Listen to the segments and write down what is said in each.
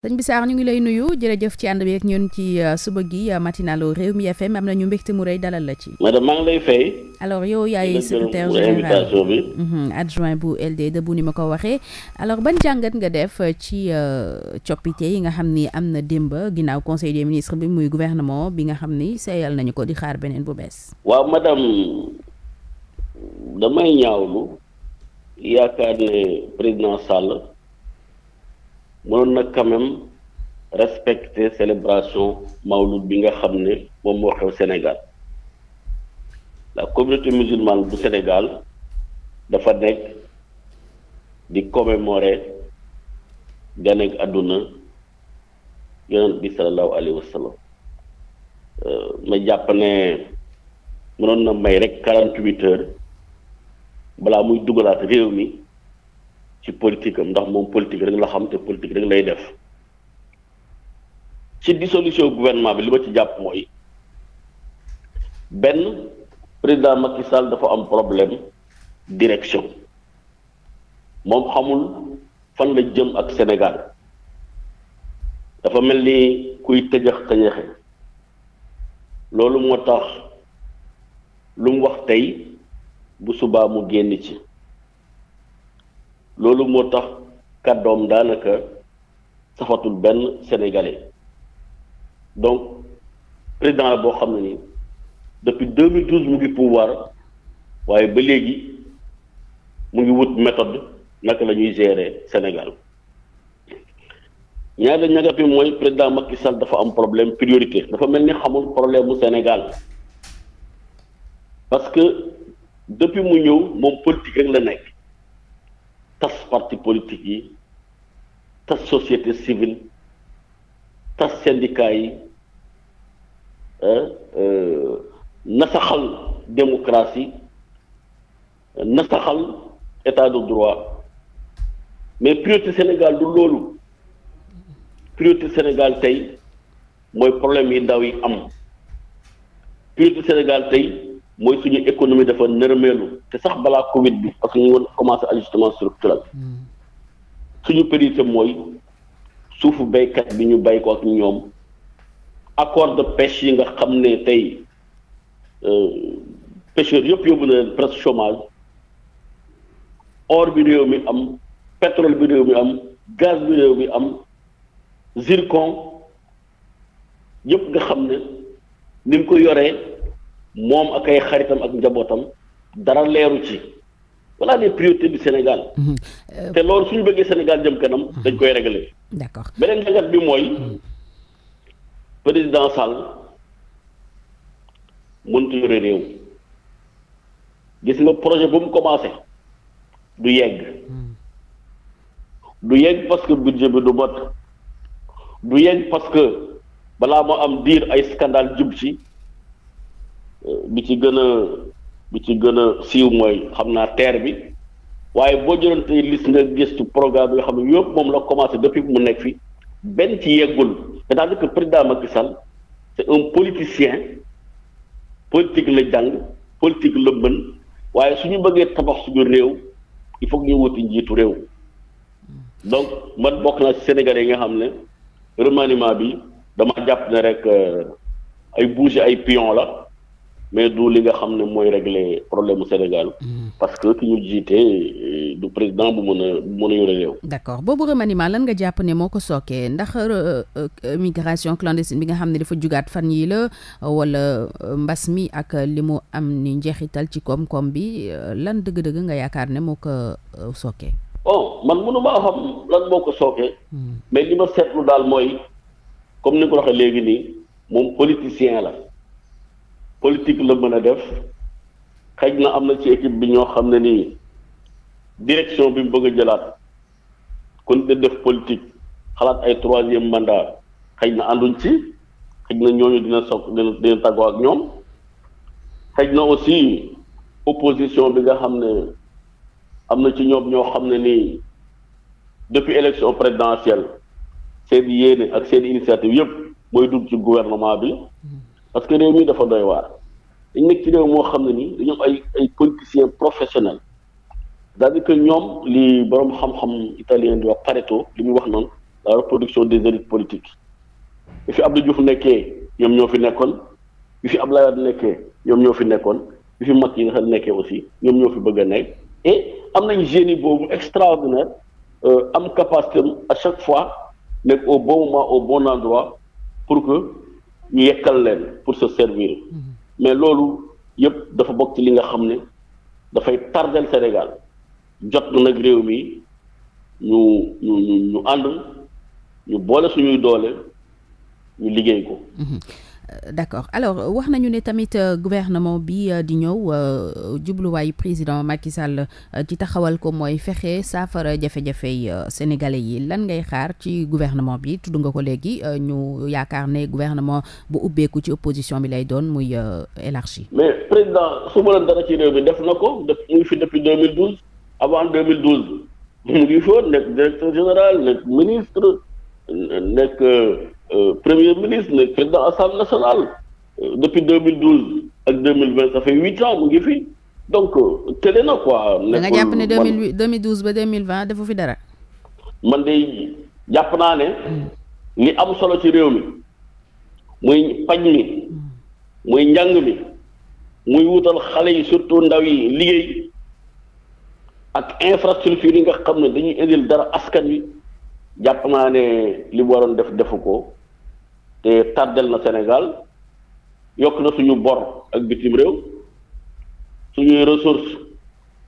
sëñ bi Sarr ñu ngi lay nuyu jëf ci ànd bi ak ñun ci euh, suba gi euh, matinalu Rewmi FM am nañu mbégte mu rëy dalal la ci. madame maa ngi lay fay. alors yow yaay secrétaire général mhm, adjoint bu LD bu ni ma ko waxee. alors ban jàngat nga def euh, ci coppite yi nga xam ni am na démb ginnaaw conseil des bi muy gouvernement bi nga xam ni seyal nañu ko di xaar beneen bu bees. waaw madame damay ñaawlu yaakaar ne président Sall. mënoon na quand même respecter célébration mawlud bi nga xam ne moom moo xew Sénégal la communauté musulmane bu Sénégal dafa nekk di commémorer ganeeg àdduna yonent bi sallallahu alayhi wa sallam euh, ma jàpp ne mënoon na may rek quarante huit balaa muy dugalaat réew mi ci politique am ndax moom politique rek la xam te politique rek lay def ci dissolution gouvernement bi li ma ci jàpp mooy benn président Macky Sall dafa am problème direction moom xamul fan la jëm ak Sénégal dafa mel ni kuy tëjëx tëjaxe loolu moo tax lu mu wax tey bu subaa mu génn ci loolu moo tax doom daanaka safatul benn sénégalais donc président la boo xam ne ni depuis 2012 mu ngi pouvoir waaye ba léegi mu ngi wut méthode naka la ñuy gérer Sénégal ñaari ñagat bi mooy président Macky sal dafa am problème priorité dafa mel ni xamul problème mu Sénégal parce que depuis mu ñëw moom politique rek la nekk. tas parti politique yi tas société civile tas syndicat yi euh, nasaxal démocratie nasaxal état de droit mais priorité Sénégal du loolu priorité Sénégal tey mooy problème yi ndaw yi am priorité Sénégal tey mooy suñu économie dafa nërmeelu te sax balaa Covid bi parce que ñu woon commencé ajustement structurel suñu priorité mooy suufu béykat bi ñu béy ko ak ñoom accord de pêche yi nga xam ne tey euh, pêcheurs yëpp yóbbu na leen presque chômage or bi réew mi am pétrole bi réew mi am gaz bi réew mi am zircon yëpp nga xam ne ni mu ko yoree. moom ak ay xaritam ak njabootam dara leeru ci voilà les priorités du Sénégal. Mhm. te loolu suñu bëggee Sénégal jëm kanam. Mhm. dañ koy réglé. d'accord beneen jàngat bi mooy mhm. président Sall mënut yore réew gis nga projet bu mu commencé du yegg du yegg parce que budget bi du mot du yegg parce que balaa moo am diir ay scandale jub ci. bi ci gën a bi ci gën a siiw mooy xam naa terre bi waaye boo jëloon tey liste nga gëstu programme yoo xam ne yëpp moom la commencé depuis mu nekk fi benn ci yeggul cest à président Macky Sall c'est un politicien politique la jàng politique la mën waaye su ñu bëggee tabax ñu réew il faut que ñu wuti njiitu réew donc man bokk naa ci sénégal yi nga xam ne remaniement bi dama jàpp ne rek euh, ay bouger ay pion la mais du li nga xam ne mooy régler problème mu Sénégal. Mm-hmm. parce que ki ñu jiite du président bu mën a mën a yore réew. d' accord boobu remaniement lan nga jàpp ne moo ko sookee ndax euh, euh, migration clandestine bi nga xam ne dafa jugaat fan yii la wala euh, mbas mi ak li mu am ni njeexital ci koom-koom bi lan dëgg-dëgg nga yaakaar ne moo ko sookee. man mënu xam lan moo ko sookee. Mm-hmm. mais li ma seetlu daal mooy comme ni ko waxee léegi nii moom politicien la. politique la mën a def xëj na am na ci équipe bi ñoo xam ne nii direction bi mu bëgg a jëlaat kon de def politique xalaat ay troisième mandat xëj na ànduñ ci xëj na ñooñu dina soog dina dina tàggoo ak ñoom xëj na aussi opposition bi nga xam ne am na ci ñoom ñoo xam ne nii depuis élection présidentielle seen yéene ak seen initiative yëpp mooy dugg ci gouvernement bi. Mm-hmm. parce que réew mi dafa doy waar dañ nekk ci réew moo xam ne nii dañoom ay ay politiciens professionnels cest à que ñoom li borom xam-xam italien di wax Pareto li muy wax noonu la reproduction des élites politiques bi fi Abdou Diouf nekkee ñoom ñoo fi nekkoon bi fi Abdoulaye Wade nekkee ñoom ñoo fi nekkoon bi fi mag yi nga xam nekkee aussi ñoom ñoo fi bëgg a nekk et am nañu génie boobu extraordinaire euh, am capacité à chaque fois nekk au bon moment au bon endroit pour que ñu yekkal leen pour se servir mm-hmm. mais loolu yëpp dafa bokk ci li nga xam ne dafay tardel Sénégal jot nag réew mi ñu ñu ñu ñu ànd ñu boole suñuy doole ñu liggéey ko. Mm-hmm. d'accord alors wax nañu ne tamit euh, gouvernement bi euh, di ñëw euh, jubluwaayu président Macky Sall ci taxawal ko mooy fexe saafara jafe-jafey sénégalais yi lan ngay xaar ci gouvernement bi tudd nga ko léegi ñu yaakaar ne gouvernement bu ubbeeku ci opposition bi lay doon muy élargi. mais président su ma la dara ci réew bi def na ko def mu ngi fi depuis 2012 avant 2012 mu ngi fi woon nekk directeur général nekk ministre nekk. Euh, premier ministre nekk président assemblée nationale euh, depuis 2012 ak 2020 ça fait huit ans mu ngi fi donc euh, télé na quoi. nekkul da nga jàpp ne 2008 2012 ba 2020 defu fi dara. man de jàpp naa ne. Hmm. li am solo ci réew mi muy paj mi hmm. muy njàng mi muy wutal xale yi surtout ndaw yi liggéey ak infrastructure yi nga xam ne dañuy indil dara askan wi jàpp naa ne li waroon def defu ko te tardel na Sénégal yokk na suñu bor ak bitim réew suñuy ressource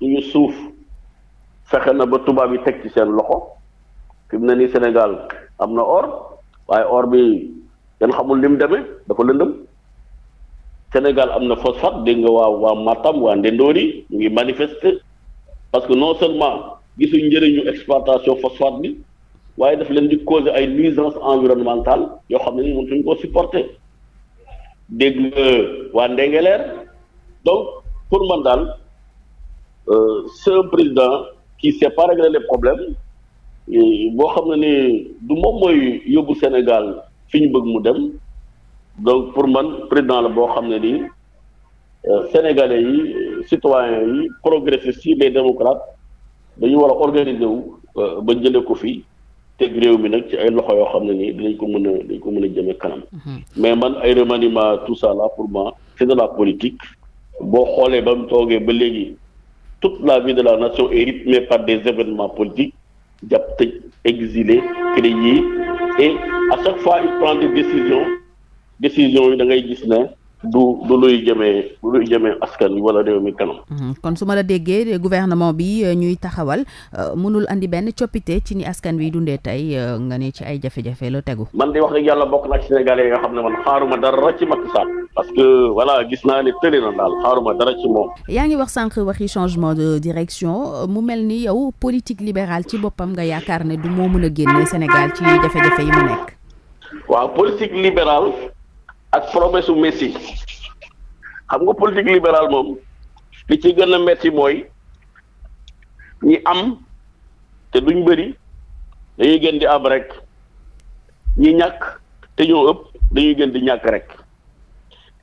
suñu suuf fexe na ba tubaab yi teg ci seen loxo fi mu ne nii Sénégal am na or waaye or bi kenn xamul li mu dafa lëndëm Sénégal am na phosphate dégg nga waaw waa Matam waa Ndendori mu ngi manifester parce que non seulement gisuñ njëriñu exploitation phosphate bi waaye daf leen di causer ay nuisance environnementale yoo xam ne ni mënatuñ koo supporter dégg nga waa Ndengeleer donc pour man daal euh, c'est un président qui sait pas régler les problèmes boo xam ne ni du moom mooy yóbbu Sénégal fi ñu bëgg mu dem donc pour man président la boo xam ne ni euh, Sénégalais yi citoyens yi progressistes yi les démocrates dañu war a organiser wu euh, ba jëlee ko fii teg réew mi nag ci ay loxo yoo xam ne ni dinañ ko mën a dañ ko mën a jëmee kanam. Mm-hmm. mais man ay remaniement tout ça là pour moi c'est de boo xoolee ba mu toogee ba léegi toute la vie de la nation est rythmée par des événements politiques jàpp tëj exilé créé et à chaque fois il prend des décisions décisions yi da ngay gis na du du luy jëmee du luy jëmee askan wi wala réew mi kanam. Hmm. kon su ma la déggee gouvernement bi euh, ñuy taxawal euh, mënul indi benn coppite ci ni askan wi dundee tey euh, nga ne ci ay jafe-jafe la tegu. man di wax ak yàlla bokk naa ci Sénégalais yi nga xam ne man xaaruma dara ci Macky parce que voilà gis naa ne tëli na daal xaaruma dara ci moom. yaa ngi wax sànq waxi changement de direction mu mel ni yow politique libérale ci boppam nga yaakaar ne du moo mën a génne Sénégal ci jafe-jafe yi mu nekk. ak promesse su Messi xam nga politique libérale moom li ci gën a metti mooy ñi am te duñ bëri dañuy gën di am rek ñi ñàkk te ñoo ëpp dañuy gën di ñàkk rek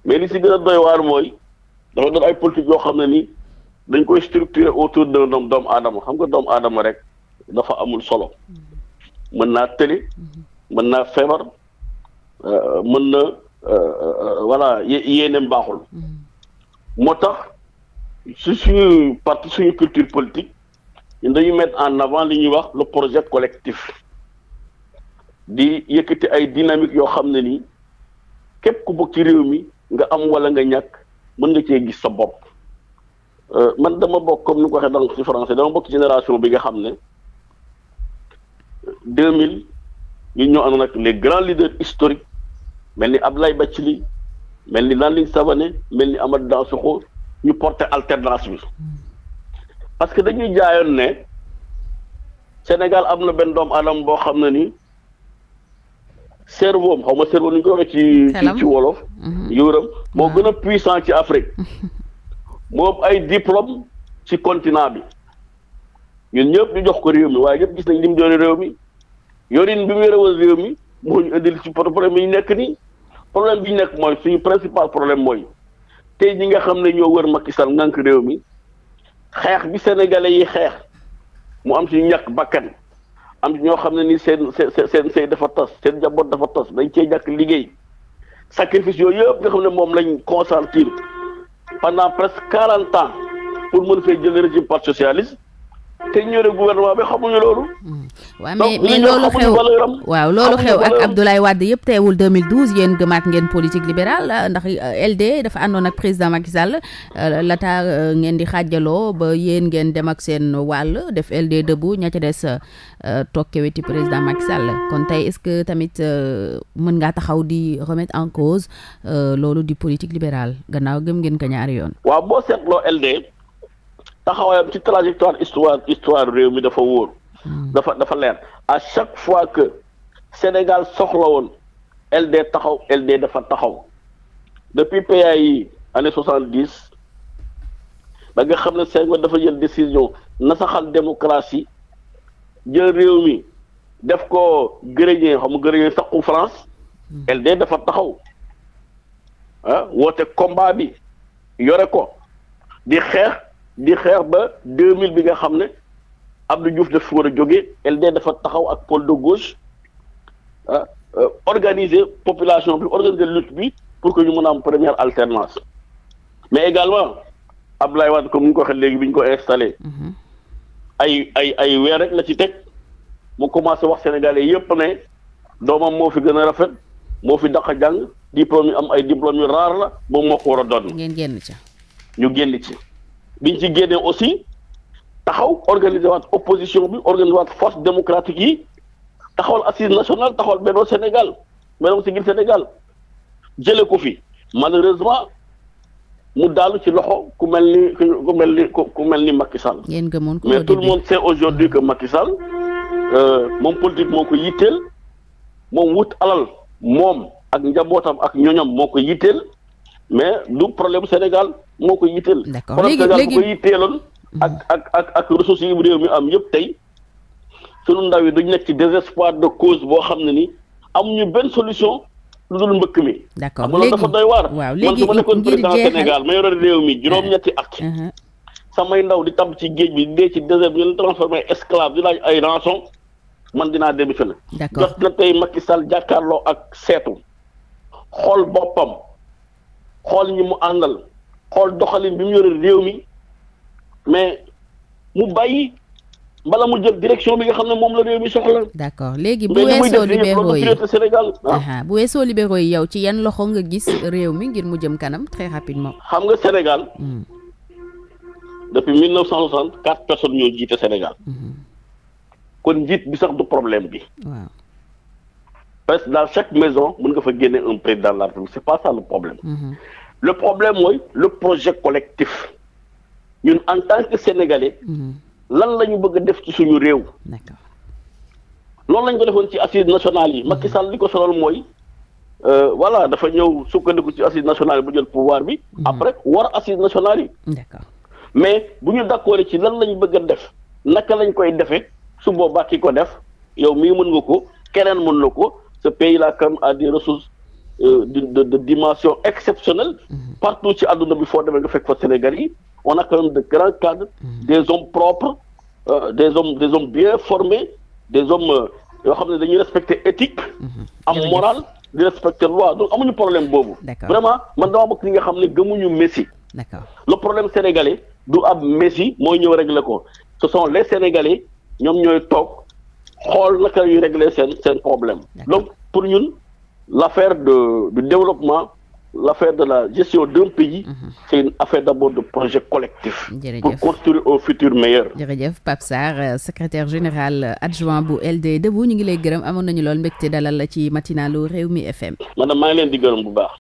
mais li ci gën a doy waar mooy dafa doon ay politique yoo xam ne nii dañ koy structuré autour d'un homme doomu aadama xam nga doomu aadama rek dafa amul solo mm-hmm. mën naa tële mm-hmm. mën naa feebar euh, mën na. Euh, euh, voilà yéeneem baaxul. Mm-hmm. moo tax su suñu parti suñu culture politique ñun dañuy mettre en avant li ñuy wax le projet collectif di yëkkati ay dynamique yoo xam ne nii képp ku bokk ci réew mi nga am wala nga ñàkk mën nga cee gis sa bopp euh, man dama bokk comme ni ko waxee donc ci français dama bokk génération bi nga xam ne 2000 ñu ñoo àndoon ak les grands leaders historiques. mel ni lay Abdoulaye Bathily mel ni Landing Savané mel ni Amadou Dansokho ñu porter alternance bi parce que dañuy jaayoon ne Sénégal am na benn doomu aadama boo xam ne ni cerveau xaw ma cerveau ni ñu ko waxee ci ci wolof mhm. yuuram moo gën a puissant ci Afrique moom ay diplôme ci continent bi ñun ñëpp ñu jox ko réew mi waaye ñëpp gis nañ li mu doon réew mi yorin bi mu yorewal réew mi moo ñu indil ci problème yi nekk nii problème bi ñu nekk mooy suñu principal problème mooy tey ji nga xam ne ñoo wër makki Sall ngànk réew mi xeex bi sénégalais yi xeex mu am ci ñàkk bakkan am ci ñoo xam ne ni seen seen seen seen dafa tas seen njaboot dafa tas dañ cee ñàkk liggéey sacrifice yooyu yëpp nga xam ne moom lañ consentir pendant presque quarante ans pour mën fee jël régime parti socialiste te ñu ne gouvernement bi xamuñu loolu. Mm. waaw loolu xew waaw loolu xew ak Abdoulaye Wade yëpp teewul 2012 yéen gëmaat ngeen politique libérale ndax euh, LD dafa àndoon ak président Macky Sall euh, laata euh, ngeen di xaajaloo ba yéen ngeen dem ak seen wàll def LD debout ña ca des tokke weti président Macky Sall kon tey est-ce que tamit mën ngaa taxaw di remettre en cause loolu di politique libérale gannaaw gëm ngeen ko ñaari yoon. waaw boo seetloo LD. taxawaayam ci trajectoire histoire histoire réew mi dafa wóor. Hmm. dafa dafa leer à chaque fois que Sénégal soxla woon LD taxaw LD dafa taxaw depuis PAI yi année soixante dix ba nga xam ne Senghor dafa jël décision nasaxal démocratie jël réew mi def ko grenier xam nga grenier saqu France. Hmm. LD dafa taxaw ah woote combat bi yore ko di xeex. di xeex ba mille bi nga xam ne Abdou Diouf daf fi war a jógee LD dafa taxaw ak pôle de gauche ah euh, organiser population bi organiser lutte bi pour que ñu mën a am première alternance mais également Abdoulaye Wade comme ni ñu ko waxee léegi bi ñu ko installé. Mhm. ay ay ay weer rek la ci teg mu commencé wax sénégalais yépp ne doomam moo fi gën a rafet moo fi daq a jàng diplôme yi am ay diplôme yu raar la boo moo war a doon. ngeen ñu génn ci. biñ ci génnee aussi taxaw organiser waat opposition bi organiser waat force démocratique yi taxawal assise nationale taxawal Benno Sénégal Benno Siggil Sénégal jëlee ko fi malheureusement mu daalu ci loxo ku mel ni ku mel ni ku mel ni Macky Sall. mais tout le monde sait aujourd'hui que Macky euh, moom politique moo ko yitteel moom wut alal moom ak njabootam ak ñoñam moo ko yitteel mais du problème Sénégal. moo ko yitteel. d'accord léegi léegi ko yitteeloon mm-hmm. ak ak ak ak ressources bu réew mi am yëpp tey sunu ndaw yi duñ nekk ci désespoir de cause boo xam ne ni am ñu benn solution lu dul mbëkk mi. d'accord léegi dafa doy waar. waaw léegi ngir man su ma nekkoon Sénégal ma yore réew mi juróom-ñetti at. Mm-hmm. samay ndaw di tab ci géej bi dee ci désert bi ñu leen transformé esclave di laaj ay rançon man dinaa démissionné. d'accord jot na tey Macky Sall jàkkaarloo ak seetu xool boppam xool ñi mu àndal. xool doxalin bi mu yore réew mi mais mu bàyyi bala mu jël direction bi nga xam ne moom la réew mi soxla. d'accord léegi bu ah. weesoo libéraux yi yow ci yan loxo nga gis réew mi ngir mu jëm kanam très rapidement. xam nga Sénégal. Hmm. depuis mille neuf cent soixante quatre personnes ñoo jiite Sénégal. Hmm. kon njiit bi sax du problème bi. waaw parce que dans chaque maison mën nga fa génne un président de la République c'est pas ça le problème. Hmm. le problème mooy le projet collectif ñun en tant que sénégalais. Mhm. lan la ñu bëgg def ci suñu réew. d'accord loolu lañ ko defoon ci assises nationale yi. Mhm. Macky Sall li ko sonal mooy. Euh, voilà dafa ñëw sukkandiku ci assises nationales bu jël pouvoir bi. Mhm. après war assises nationales yi. mais bu ñu d'accord ci lan lañu bëgg def naka lañ koy defee su boobaa ki ko def yow mii mën nga ko keneen mën na ko ce pays la quand même a des ressources. Euh, de de dimension exceptionnelle. Mhm. partout ci àdduna bi foo demee nga fekk fa Sénégal yi on a quand de grands cadres. Mhm. des hommes propres euh, des hommes des hommes bien formés des hommes euh, yoo xam ne dañuy respecter éthique. Mhm. am morale di respecter loi donc amuñu problème boobu. vraiment man dama bokk ñi nga xam ne gëmuñu Messi. le problème sénégalais du am Messi mooy ñëw régler ko ce sont les sénégalais ñoom ñooy toog xool naka la ñuy seen seen problème donc pour ñun. l'affaire de du développement l'affaire de la gestion d'un pays. Mhm. c'est une affaire d'abord de projet collectif. jërëjëf pour construire un futur meilleur. jërëjëf Pape Sarr euh, secrétaire général euh, adjoint bu LD Debout ñu ngi lay gërëm amoon nañu lool mbégte dalal la ci matinalu Rewmi FM. madame maa ngi leen di gërëm bu baax.